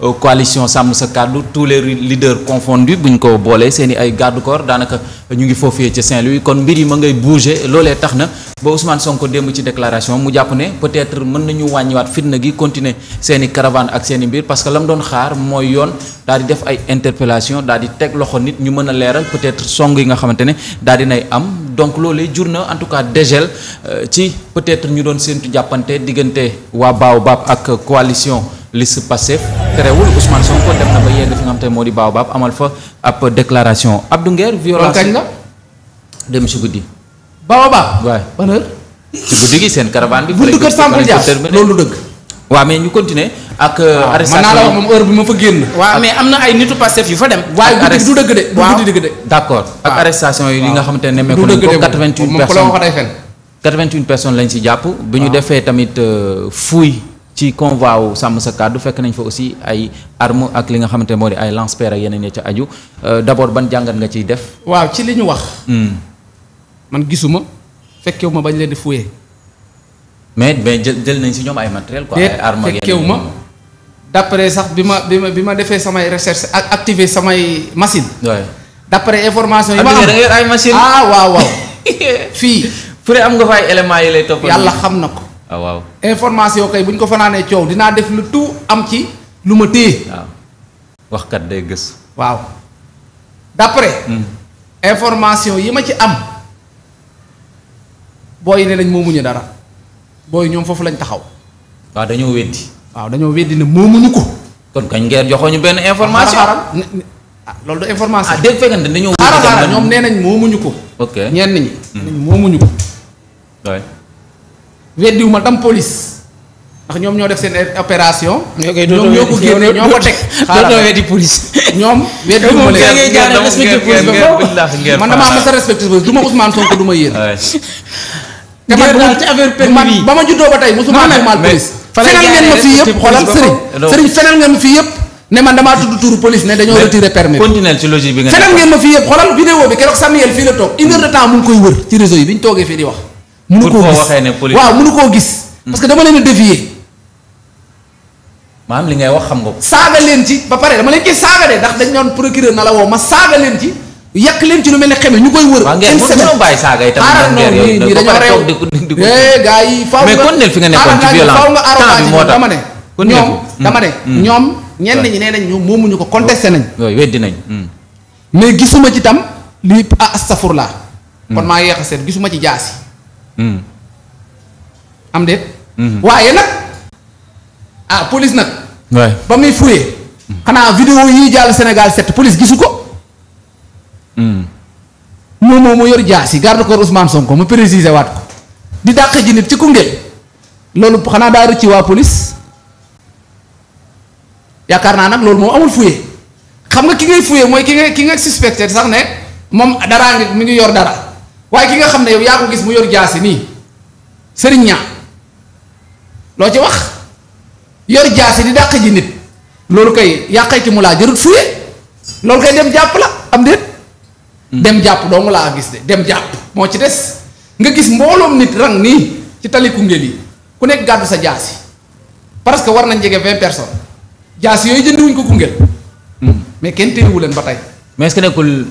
Euh, coalition sàmm sa kàddu tous les leaders confondus bu ñu ko boolee seeni ay garde corps daanaka ñu ngi foofee ca Saint-Louis kon mbir yi ma ngay bouger loolee tax na ba Ousmane Sonko démb ci déclaration mu jàpp ne peut-être mën nañu wàññiwaat fitna gi continuer seen i ak seen i mbir parce que la mu doon xaar mooy yoon daal di def ay interpellation daal di teg loxo nit ñu mën a leeral peut-être song yi nga xamante ne daal di nay am donc loolee jur na en tout cas dégel euh, ci peut-être ñu doon séentu jàppante diggante waa Baobab ak coalition. liste Pastef terewul Ousmane Sonko dem na ba yegg fi nga xam moo di ba amal fa ab déclaration Abdou Nguer violence kañ la dem si guddi Baobab waay ban heure ci guddi gi seen caravane bi buntu kër Samba Dia loolu dëgg waaw mais ñu ak euh, ah, arrestation man naa la wax moom heure bi ma fa na ay nitu Pastef yu fa dem waaye guddi du dëgg de du guddi dëgg de d'accord ak ah. arrestation yi nga ah. xam te ne meeku ko 88 personnes 81 personnes lañ si jàpp bi ñu defee tamit euh, fouille ci convoi wu sàmm sa kàddu fekk nañ fa aussi ay arme ak li nga xamante moo di ay lance-pierre ak yeneen ya ca aju euh, d'abord ban jàngat nga ciy def. waaw ci li ñu wax. Hmm. man gisuma fekkewu ma bañ leen di fuyee. mais mais jël jël nañ si ñoom ay matériel quoi ay armes ak fekkewu ma d'après sax bi ma bi ma bi ma defee samay recherche ak activer samay machine d'après information yi ma am ay machine ah waaw waaw fii. pour am nga fa ay éléments yi lay topp. yàlla xam na ko. Ah, waaw information kay bu ñu ko fanaanee coow dinaa def lu tout am ci lu ma téye. waaw waxkat day gës. waaw d'après. Hmm. information yi ma ci am booy ne nañ moomuñu dara booy ñoom foofu lañ taxaw. waaw dañoo weddi. waaw dañoo weddi ne moomuñu ko. kon kañ ngeen joxoo ñu benn information ah, loolu du information. ah dégg fekkante dañoo. xaaral xaaral ñoom nee nañ moomuñu ko. ok ñenn hmm. moomuñu ko. weddiwu ma tam police ndax ñoom ñoo def seen opération. ñoom ñoo ko génne ñoo ko teg. xaaral dootoo man damaa mës a police du ma Ousmane Sonko du ma man ba ma juddoo ba tey musuma tuumaal police. fenal ngeen ma fii yëpp xoolal Serigne Serigne fenal ngeen ma fii yëpp. ne man damaa tudd tuuru police ne dañoo retiré permis fenal ngeen ma fii yëpp xoolal vidéo bi keroog Samuel fii la toog une heure de temps mu koy wër ci réseau yi bi ñu toogee fii di wax mënu koo gis waaw mënu koo gis. parce que dama leen a dévier. maam li ngay wax xam nga ko. saaga leen ci ba pare dama leen ci saaga de ndax dañ doon procureur na la woo ma saaga leen ci. yàq leen ci lu mel ne xeme ñu koy wër. a semaine waaw ngeen bàyyi saaga yi tamit. dañoo réew eh, gars yi faaw nga mais kon nel fi nga nekkoon ci violence temps bi moo tax dama ne. kon ñoom dama ne hmm. Hmm. ñoom. ñenn ñi nee nañ ñoom moomuñu ko contesté nañ. yooyu weddi nañ. Hmm. mais gisuma ci tam lii ah astafurlaa. kon maa yeex a seet gisuma ci jaasi Hmm. am déet. Hmm. waaye nag ah nag. ba muy fuyee. Hmm. xanaa vidéo yi jàll Sénégal 7 police gisu ko. moom moo mu yor jaas yi garde corps Ousmane Sonko mu préciser waat ko di dàq ji nit ci Koungheul loolu xanaa daa rëcc waa police yaakaar naa nag loolu moom amul fuyee xam nga ki ngay fuyee mooy ki nga ki nga suspecté sax ne moom daraa ngi mi ngi yor dara. waaye ki nga xam ne yow yaa ko gis mu yor jaasi nii sëriñ ña loo ci wax yor jaasi di dàq ji nit loolu kay yàqayti mu laa jërut fuye loolu kay dem jàpp la am déet hmm. dem jàpp doo mu laa gis de dem jàpp moo ci des nga gis mbooloom nit rang nii ci tali Koungheul yi ku nekk gàddu sa jaasi parce que war nañ jege vingt personne jaasi yooyu jëndiwuñ ko Koungheul hmm. mais kenn téyewu leen ba tey mais est-ce nekkul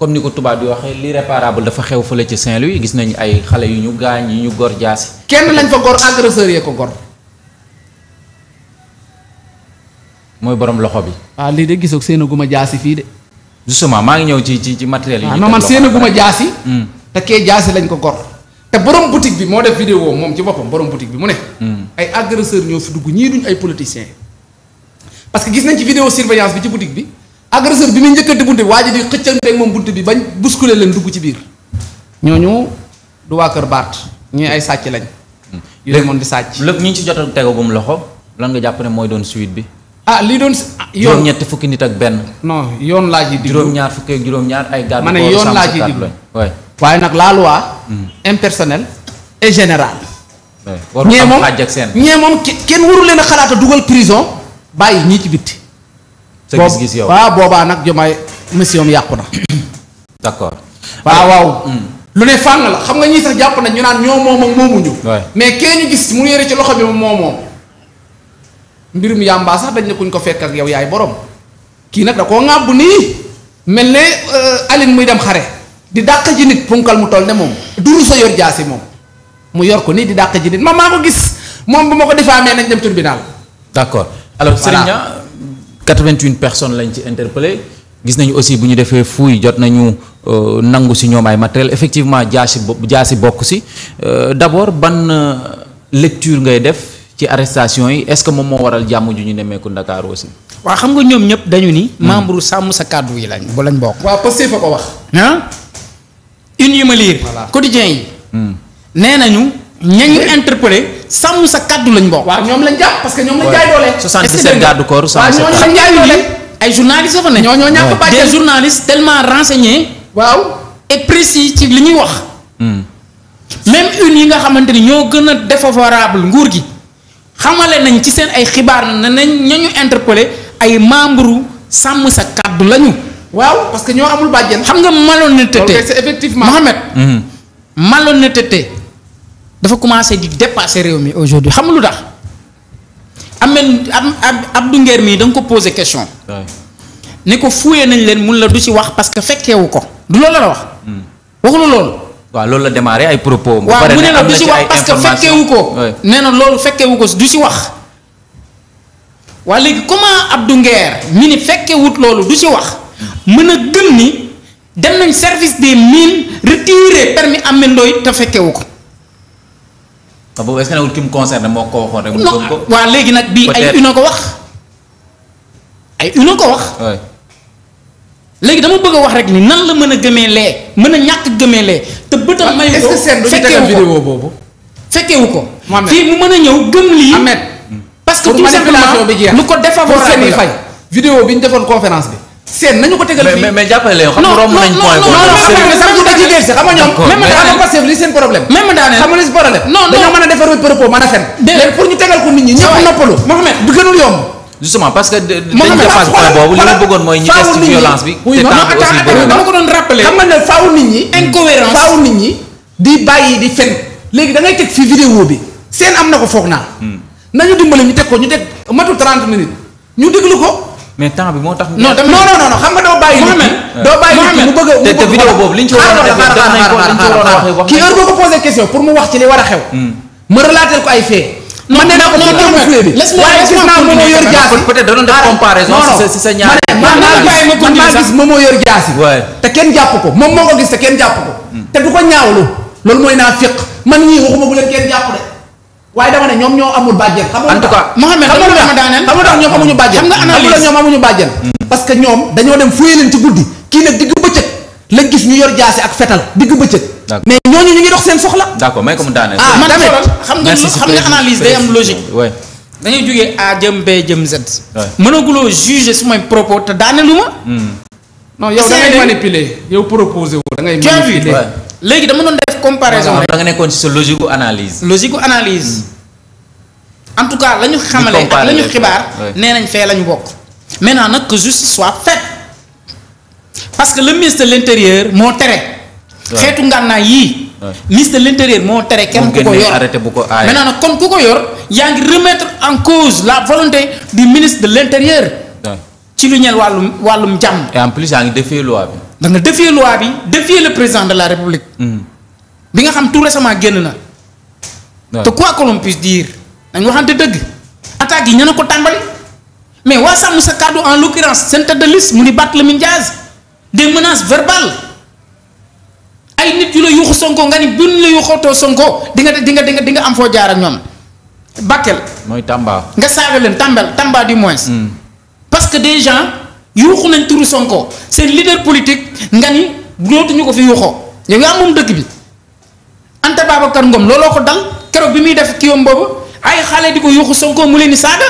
comme ni ko tubaab di waxee l'irréparable dafa xew fële ci Saint-Louis gis nañu ay xale yu ñu gaañ yu ñu gor jaasi. kenn lañ fa gor agresseur yee ko gor. mooy borom loxo bi. ah lii de gisoo seen guma jaasi fii de. justement maa ngi ñëw ci ci ci matériel yi. ñu ah, man seen guma jaasi. Hmm. te kee jaasi lañ ko gor. te borom boutique bi moo def vidéo moom ci boppam borom boutique bi mu ne. Hmm. ay agresseur ñoo fi dugg ñii duñ ay politiciens. parce que gis nañ ci vidéo surveillance bi ci boutique bi. agresseur bi muy njëkkante bunt bi waa ji di moom bunt bi bañ bousculer leen dugg ci biir ñu du waa kër baat ñuy ay sàcc lañ. yu demoon di sàcc. lépp ñu ci jot a tegagum loxo lan nga jàpp ne mooy doon suite bi. ah lii doon ah, yoon ñetti fukki nit ak benn. non yoon laa ji diglu ñaar fukki ak ay. gàddu ma ne laa ji diglu waaye nag la loi. Hmm. impersonnelle et générale. warul am ak seen ñee moom kenn waru leen a xalaat a dugal prison bàyyi ñii ci bitti. sa gis-gis yow waaw boobaa nag Diomaye mission yàqu na. d'accord ah, waaw waaw. Mm. Mm. lu ne fàng la xam nga ñii sax jàpp nañ ñu naan ñoo moom ak moomuñu. mais kee ñu gis mu yore ci loxo bi moom moomoo. mbirum yàmbaa sax dañ ne kuñ ko fekk ak yow yaay borom. kii nag da koo ŋàbb nii. mel ne euh, Aline muy dem xare. di dàq ji nit punkal mu toll ne moom. duru sa yor jaasi moom. mu yor ko nii di dàq ji nit man maa ko gis moom bu ma ko defaamee nañ dem tribunal. d'accord 81 personnes lañ ci interpellé gis nañu aussi bu ñu defee fuuy jot nañu euh, nangu si ñoom ay matériel effectivement jaasi jaasi bokk si euh, d'abord ban euh, lecture ngay def ci arrestation yi est-ce que moom moo waral jàmm ju ñu nemmeeku Ndakaaru aussi. waaw xam nga ñoom ñëpp dañu ni. Hmm. membre sàmm sa kàddu yi lañ. bu lañ bokk waaw Pastef a ko wax. ah une ma liir. quotidien yi. Hmm. nee nañu ñañu interpellé. sàmm sa kàddu lañ bokk. waaw ñoom lañ jàpp parce que ñoom lañ jaay doole. 77 garde corps waaw ñooñu lañ jaay doole. ay journalistes dafa ne. ñooñoo ñàkk bàjjee des journalistes tellement renseignés. waaw et précis ci li ñuy wax. Hmm. même une yi nga xamante ni ñoo gën a nguur gi xamale nañ ci seen ay xibaar na nañ ña ñu interpellé ay membre sàmm sa kàddu lañu. waaw parce que ñoo amul bàjjen. xam nga malhonnêteté. effectivement Mohamed. Hmm. malhonnêteté. dafa commencé di dépasser réew mi aujourd'hui xam nga lu tax am nañ ab Abdou Nguer mii danga ko posé question. ne ko fuuyee nañ leen mun la du si wax parce que fekkeewu ko du loolu la wax. Hmm. waxuñu loolu. waaw loolu la démarré ay propos. waaw mu ne la du ci wax parce que fekkeewu ko. nee na loolu fekkeewu ko du ci wax. waa léegi comment Abdou Nguer mi ni fekkewut loolu du ci wax mën a gëm ni dem nañ service des mines retirer permis Ameth Ndoye te fekkewu ko. te boobu est ce que ki mu concerné moo ko waxoon rek. mu gëm léegi nag bii ay une ko wax ay une ko wax. léegi dama bëgg wax rek ni nan la mën a gëmee lee mën a ñàkk gëmee lee. te bëtam ah, may est ce que seen du ñu tegal vidéo boobu fekkewu ko fii mu mën a ñëw gëm lii. parce que tout simplement lu ko défavorable fay. vidéo bi ñu defoon conférence bi. seen nañu ko tegal fii mais mais jàppale leen xam nga romb nañ point boobu ñu dellu si xam nga ñoom même daanaka Pastef li a defar propos mën a fen léegi pour ñu bi te temps bi aussi dama ko doon rappeler xam nga ne faaw nit ñi incohérence faaw nit ñi di bàyyi di fen léegi da teg fi vidéo bi seen am na ko foog naa hmm. nañu dimbali ñu teg ko ñu teg matul 30 minutes ñu déglu ko mais temps bi moo tax. non non xam nga doo bàyyi. doo bàyyi mu bëgg a. boobu li ñu ci war mu wax hmm. ma maa gis moom moo yor jaasi te kenn jàpp ko moom moo ko gis te kenn jàpp ko hmm. te du ko ñaawlu loolu mooy naa féq man ñii waxuma bu leen kenn jàpp de waaye dama ne ñoom ñoo amul bàjjen. en tout cas Mohamed dama daaneel xam nga ñoom amuñu bàjjen. xam nga analyse xam nga ñoom amuñu bàjjen. Mm. parce que ñoom dañoo dem fuyee leen ci guddi kii nag digg bëccëg lañ gis ñu yor jaase ak fetal digg bëccëg. mais ñooñu ñu ngi dox seen soxla. d'accord may ko mu daaneel. ah man xam xam nga analyse day am logique. dañuy jógee A jëm jëm Z. mënaguloo juger su may propos te daaneelu ma. Hmm. non yow da ngay manipuler yow woo da ngay léegi dama doon def comparaison rek. da nga nekkoon ci sa logique analyse. logique analyse. en tout cas la ñu xamale ak la ñu xibaar nee nañ fee la ñu bokk. maintenant nag que justice soit faite parce que le ministre de l' intérieur moo tere. xeetu ngànnaay yii. ministre de l' moo tere kenn ku ko yor arrêté bu ko aay maintenant nag kon ku ko yor yaa ngi remettre en cause la volonté du ministre de l' intérieur. ci lu ñeel wàllum wàllum jàmm. en plus yaa ngi défier loi da nga défier loi bi défier le président de la république. Hmm. bi nga xam tout récemment génn na. te quoi que l'on puisse dire dañ waxante dëgg attaques yi ñu ne ko tàmbali mais waa sàmm sa kàddu en l'occurrence seen tête de liste mu ni Barthélémy Dias des menaces verbales ay nit yu la yuuxu Sonko nga ni buñ la yuuxootoo Sonko di nga di nga di nga di nga am foo jaar ak ñoom Bakel. mooy Tamba. nga saaga leen Tamba Tamba du moins. Hmm. parce que des gens. yuuxu nañ turu Sonko seen leader politique nga ni dootuñu ko fi yuuxoo yow yaa moom dëkk bi ante Babacar Ngom looloo ko dal keroog bi muy def kii yom boobu ay xale di ko yuuxu Sonko mu leen di saaga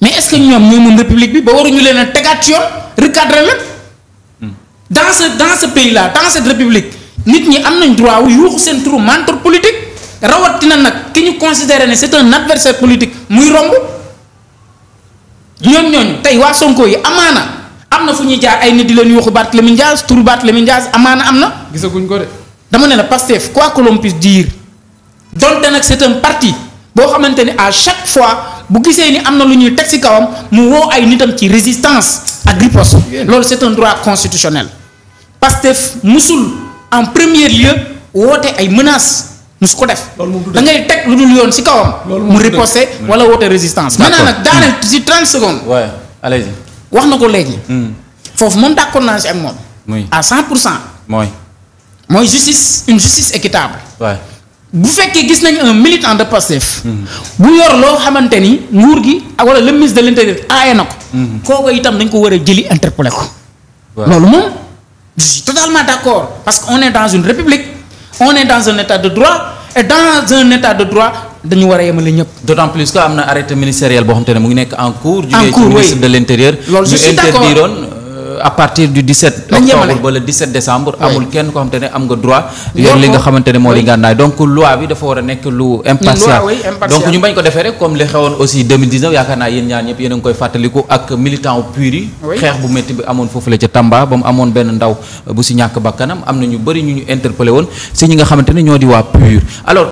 mais est-ce que ñoom ñoo moom république bi ba waruñu leen a tegaat yoon recadrer leen dans ce dans ce pays là dans cette république nit ñi am nañ droit wu yuuxu seen turu mentor politique rawatina nag ki ñu considéré ne c'est un adversaire politique muy romb. ñoom ñooñu tey waa Sonko yi amaana am na fu ñuy jaar ay nit di leen yuuxu Barthélémy Dias turu Barthélémy Dias amaana am na. gisaguñ ko dama ne la Pastef quoi que l'on puisse dire donte nag c'est un parti boo xamante ni à chaque fois bu gisee ni am na lu ñuy teg ci kawam mu woo ay nitam ci résistance ak riposte loolu c'est un droit constitutionnel Pastef mosul en premier lieu woote ay menaces. musu ko def. loolu moom da ngay teg lu dul yoon si kawam. mu riposté wala woote résistance. maintenant nag daaneel si hmm. 30 secondes. waaw allez wax na ko léegi. Hmm. foofu moom d'accord naa si ak moom. à 100 pour cent. mooy. mooy justice une justice équitable. waay bu fekkee gis nañ un militant de Pastef. Hmm. bu yor loo xamante ni nguur gi wala le ministre de l'intérieur aaye na ko. kooku itam dañ ko war a jëli interpellé ko. loolu moom je totalement d'accord parce que on est dans une république. on est dans un état de droit dans un état de droit dañu war a yemale ñëpp. d'autant plus que am na arrêté ministériel boo xam te ne mu ngi nekk en cours. en cours ministre de l'intérieur. loolu je suis Euh, à partir du 17 octobre ba le 17 décembre amul kenn koo xamante ne am nga droit yor li nga xamante ne moo di ngànnaay donc loi bi dafa war a nekk lu impartial donc ñu bañ ko defee rek comme li xewoon aussi 2019 yaakaar naa yéen ñaar ñëpp yéen a ngi koy fàttaliku ak militant pur yi xeex bu métti bi amoon foofu la ca Tamba ba mu amoon benn ndaw bu si ñàkk bakkanam am na ñu bëri ñu ñu interpellé woon si ñi nga xamante ne ñoo d